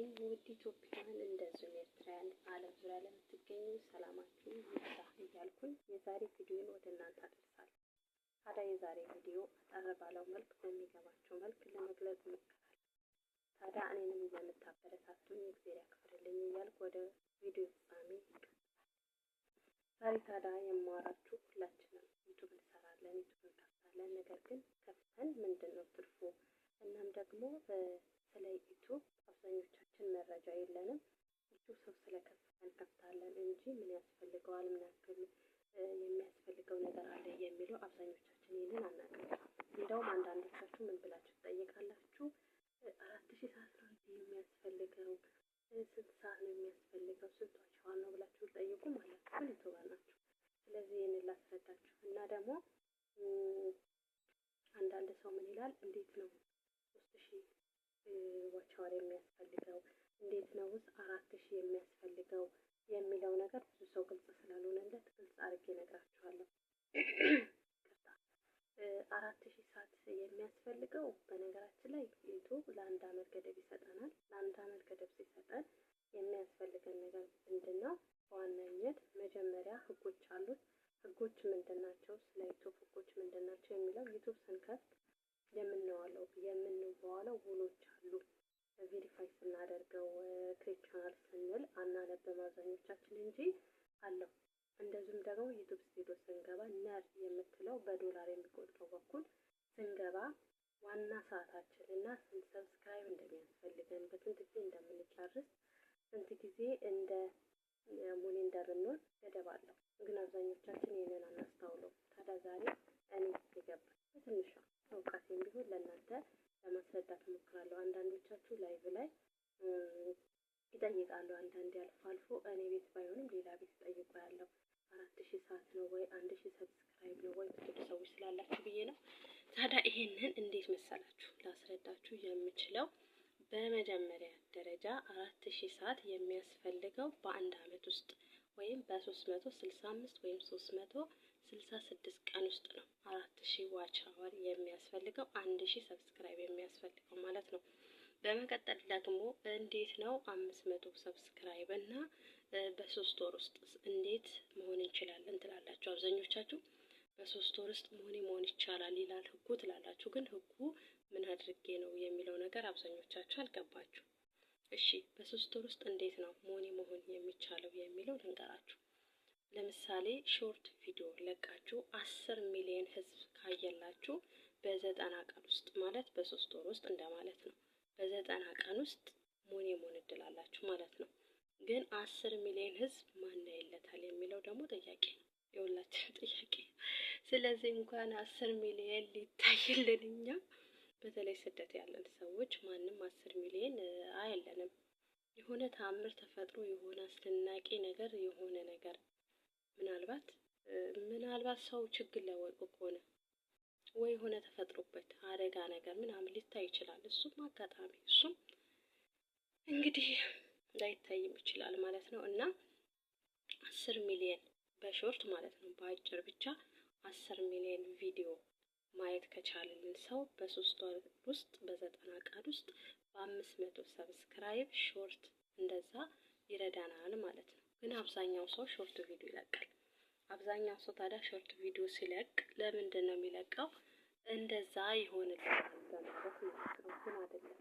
ይስጥልኝ ውድ ኢትዮጵያን እንደዚሁም ኤርትራውያን ዓለም ዙሪያ ለምትገኙ ሰላማችሁ ይብዛ እያልኩኝ የዛሬ ቪዲዮን ወደ እናንተ አደርሳለሁ። ታዲያ የዛሬ ቪዲዮ አጠር ባለው መልክ በሚገባቸው መልክ ለመግለጽ ሞክራለሁ። ታዲያ እኔንም የምታበረታቱኝ እግዜር ያክብርልኝ እያልኩ ወደ ቪዲዮ ፍጻሜ ዛሬ ታዲያ የማወራችሁ ሁላችን ያስፈልገዋል ምን ያክል የሚያስፈልገው ነገር አለ የሚለው አብዛኞቻችን ይህንን አናውቅም። እንደውም አንዳንዶቻችሁ ምን ብላችሁ ትጠይቃላችሁ? አራት ሺህ ሰዓት ነው የሚያስፈልገው ስንት ሰዓት ነው የሚያስፈልገው ስንት ዋጋ ነው ብላችሁ ጠይቁ ማለት ምን ትባላችሁ። ስለዚህ ይህንን ላስረዳችሁ እና ደግሞ አንዳንድ ሰው ምን ይላል፣ እንዴት ነው ሶስት ሺ ዋቻዋር የሚያስፈልገው እንዴት ነው ውስጥ አራት ሺ የሚያስፈልገው የሚለው ነገር ብዙ ሰው ግልጽ ስላልሆነለት ግልጽ አድርጌ ነግራችኋለሁ። አራት ሺህ ሰዓት የሚያስፈልገው በነገራችን ላይ ዩቱብ ለአንድ አመት ገደብ ይሰጠናል። ለአንድ አመት ገደብ ሲሰጠን የሚያስፈልገን ነገር ምንድን ነው? በዋናነት መጀመሪያ ህጎች አሉት። ህጎች ምንድን ናቸው? ስለ ዩቱብ ህጎች ምንድን ናቸው የሚለው ዩቱብ ስንከፍት የምንዋለው የምንዋዋለው ውሎች አሉ። ቬሪፋይ ስናደርገው ክሬት ቻናል ስንል አናነብም አብዛኞቻችን እንጂ አለው። እንደዚሁም ደግሞ ዩቱብ ስቱዲዮ ስንገባ ነር የምትለው በዶላር የሚቆጥረው በኩል ስንገባ ዋና ሰዓታችን እና ስንት ሰብስክራይብ እንደሚያስፈልገን በስንት ጊዜ እንደምንጨርስ ስንት ጊዜ እንደ ሙሌ እንደምንሆን ገደብ አለው። ግን አብዛኞቻችን ይህንን አናስታውለው። ታዲያ ዛሬ እኔ የገባኝ በትንሿ እውቀቴም ቢሆን ለእናንተ ለማስረዳት እሞክራለሁ። አንዳንዶቻችሁ ላይቭ ላይ ይጠይቃሉ። አንዳንዴ አልፎ አልፎ እኔ ቤት ባይሆንም ሌላ ቤት ጠይቆ ያለው አራት ሺህ ሰዓት ነው ወይ አንድ ሺህ ሰብስክራይብ ነው ወይ ብዙ ሰዎች ስላላችሁ ብዬ ነው። ታዲያ ይሄንን እንዴት መሰላችሁ ላስረዳችሁ የምችለው በመጀመሪያ ደረጃ አራት ሺህ ሰዓት የሚያስፈልገው በአንድ አመት ውስጥ ወይም በሶስት መቶ ስልሳ አምስት ወይም ሶስት መቶ ስልሳ ስድስት ቀን ውስጥ ነው። አራት ሺህ ዋች አወር የሚያስፈልገው አንድ ሺህ ሰብስክራይብ በመቀጠል ደግሞ እንዴት ነው አምስት መቶ ሰብስክራይብ እና በሶስት ወር ውስጥ እንዴት መሆን እንችላለን ትላላችሁ። አብዛኞቻችሁ በሶስት ወር ውስጥ መሆኔ መሆን ይቻላል ይላል ህጉ ትላላችሁ። ግን ህጉ ምን አድርጌ ነው የሚለው ነገር አብዛኞቻችሁ አልገባችሁ። እሺ በሶስት ወር ውስጥ እንዴት ነው ሞኒ መሆን የሚቻለው የሚለው ልንገራችሁ። ለምሳሌ ሾርት ቪዲዮ ለቃችሁ አስር ሚሊዮን ህዝብ ካየላችሁ በዘጠና ቀን ውስጥ ማለት በሶስት ወር ውስጥ እንደማለት ነው። በዘጠና ቀን ውስጥ ሞን የመሆን እድል አላችሁ ማለት ነው። ግን አስር ሚሊዮን ህዝብ ማን ያይለታል የሚለው ደግሞ ጥያቄ ነው፣ የሁላችንም ጥያቄ። ስለዚህ እንኳን አስር ሚሊዮን ሊታይልን እኛ በተለይ ስደት ያለን ሰዎች ማንም አስር ሚሊዮን አያለንም። የሆነ ተአምር ተፈጥሮ የሆነ አስደናቂ ነገር የሆነ ነገር ምናልባት ምናልባት ሰው ችግር ላይ ወድቆ ከሆነ ወይ የሆነ ተፈጥሮበት አደጋ ነገር ምናምን ሊታይ ይችላል። እሱም አጋጣሚ እሱም እንግዲህ ላይታይም ይችላል ማለት ነው እና አስር ሚሊዮን በሾርት ማለት ነው በአጭር ብቻ አስር ሚሊዮን ቪዲዮ ማየት ከቻለልን ሰው በሶስት ወር ውስጥ በዘጠና ቀን ውስጥ በአምስት መቶ ሰብስክራይብ ሾርት እንደዛ ይረዳናል ማለት ነው። ግን አብዛኛው ሰው ሾርት ቪዲዮ ይለቃል። አብዛኛው ሰው ታዲያ ሾርት ቪዲዮ ሲለቅ ለምንድን ነው የሚለቀው? እንደዛ ይሆንልናል በማለት ማስቀመጥን አይደለም።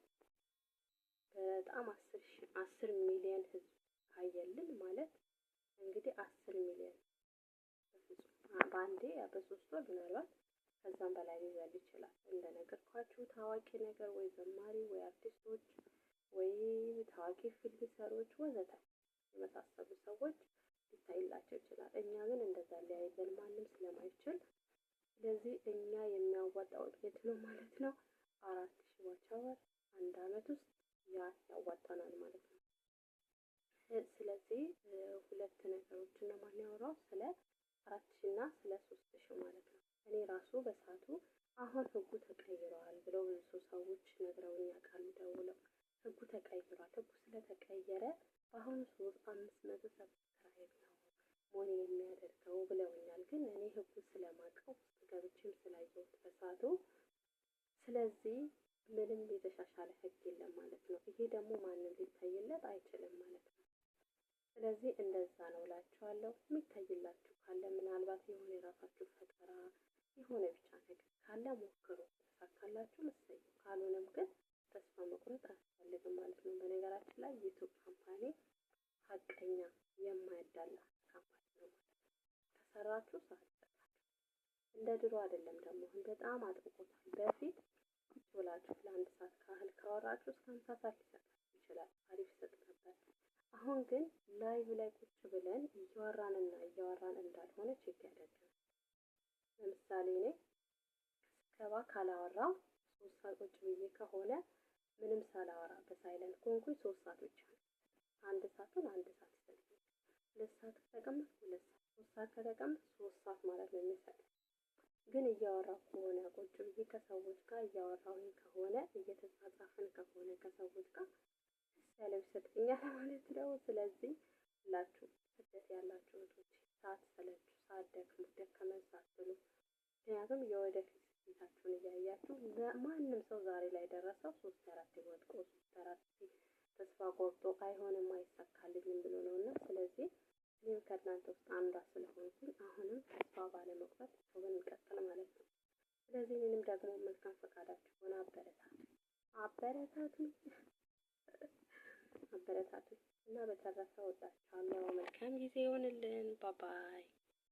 በጣም አስር ሚሊዮን ህዝብ ካየልን ማለት እንግዲህ አስር ሚሊዮን በአንዴ በሶስት ወር ምናልባት ከዛም በላይ ሊዘል ይችላል። እንደነገርኳችሁ ታዋቂ ነገር ወይ ዘማሪ ወይ አርቲስቶች ወይ ታዋቂ ፊልም ሰሪዎች ወዘተ የመሳሰሉ ሰዎች ላይታይላቸው ይችላል። እኛ ግን እንደዛ ሊያይዘን ማንም ስለማይችል ስለዚህ እኛ የሚያዋጣው ውጤት ነው ማለት ነው። አራት ሺ ዋች አንድ አመት ውስጥ ያ ያዋጣናል ማለት ነው። ስለዚህ ሁለት ነገሮችን ነው የማናወራው ስለ አራት ሺ እና ስለ ሶስት ሺ ማለት ነው። እኔ ራሱ በሰዓቱ አሁን ህጉ ተቀይረዋል ብለው ብዙ ሰዎች ነግረውኝ ያውቃሉ ደውለው ህጉ ተቀይሯል። ህጉ ስለተቀየረ በአሁኑ ሰዓት አምስት መቶ ሰብስክራይብ ነው መሆን የሚያደርገው ብለውኛል። ግን እኔ ህጉ ስለማውቀው ገብቼም ስላየሁት በሰዓቱ ስለዚህ ምንም የተሻሻለ ህግ የለም ማለት ነው። ይሄ ደግሞ ማንም ሊታይለት አይችልም ማለት ነው። ስለዚህ እንደዛ ነው እላችኋለሁ። የሚታይላችሁ ካለ ምናልባት የሆነ የራሳችሁ ፈጠራ የሆነ ብቻ ነገር ካለ ሞክሩ። ተሳካላችሁ መሰለኝ። ካልሆነም ግን ተስፋ መቁረጥ አያስፈልግም ማለት ነው። በነገራችን ላይ ዩቱብ ካምፓኒ ሀቀኛ የማያዳላ ታካባችሁ ከሰራችሁ ሳትጠፋችሁ እንደ ድሮ አይደለም። ደግሞ አሁን በጣም አጥብቆታል። በፊት ቁጭ ብላችሁ ለአንድ ሰዓት ካህል ካወራችሁ እስከ ሃምሳ ሰዓት ሊሰጣችሁ ይችላል። አሪፍ ይሰጥ ነበር። አሁን ግን ላይቭ ላይ ቁጭ ብለን እያወራንና እያወራን እንዳልሆነ ቼክ ያደርጋል። ለምሳሌ እኔ ስብሰባ ካላወራው ሶስት ሰዓት ቁጭ ብዬ ከሆነ ምንም ሳላወራ በሳይለንት ኮንኩኝ ሶስት ሰዓት ብቻ አንድ ሰዓቱን አንድ ሰዓት ከተቀመጥ ሁለት ሰዓት ሶስት ሰዓት ከተቀመጥ ሶስት ሰዓት ማለት ነው የሚፈቅድ ግን እያወራሁ ከሆነ ቁጭ ብዬ ከሰዎች ጋር እያወራሁኝ ከሆነ እየተጻጻፍን ከሆነ ከሰዎች ጋር ያለው ይሰጠኛል ማለት ነው። ስለዚህ ሁላችሁ ስደት ያላችሁ እህቶች ሳትሰለቹ ሳትደክሙ ደከመን ሳትሉ ምክንያቱም የወደፊት ስኬታችሁን እያያችሁ ማንም ሰው ዛሬ ላይ ደረሰው ሶስት አራት ወድቆ ሶስት አራት ተስፋ ቆርጦ አይሆንም አይሳካልኝም ብሎ ነው እና ስለዚህ ይህ ከእናንተ ውስጥ አንዷ ስለሆንኩኝ አሁንም ተስፋ ባለመቁረጥ ወገን ይቀጥል ማለት ነው። ስለዚህ እኔንም ደግሞ መልካም ፈቃዳችሁ ሆነ አበረታቱ አበረታቱ አበረታቱ እና በተረፈ ወዳችኋለሁ። መልካም ጊዜ ይሆንልን። ባባይ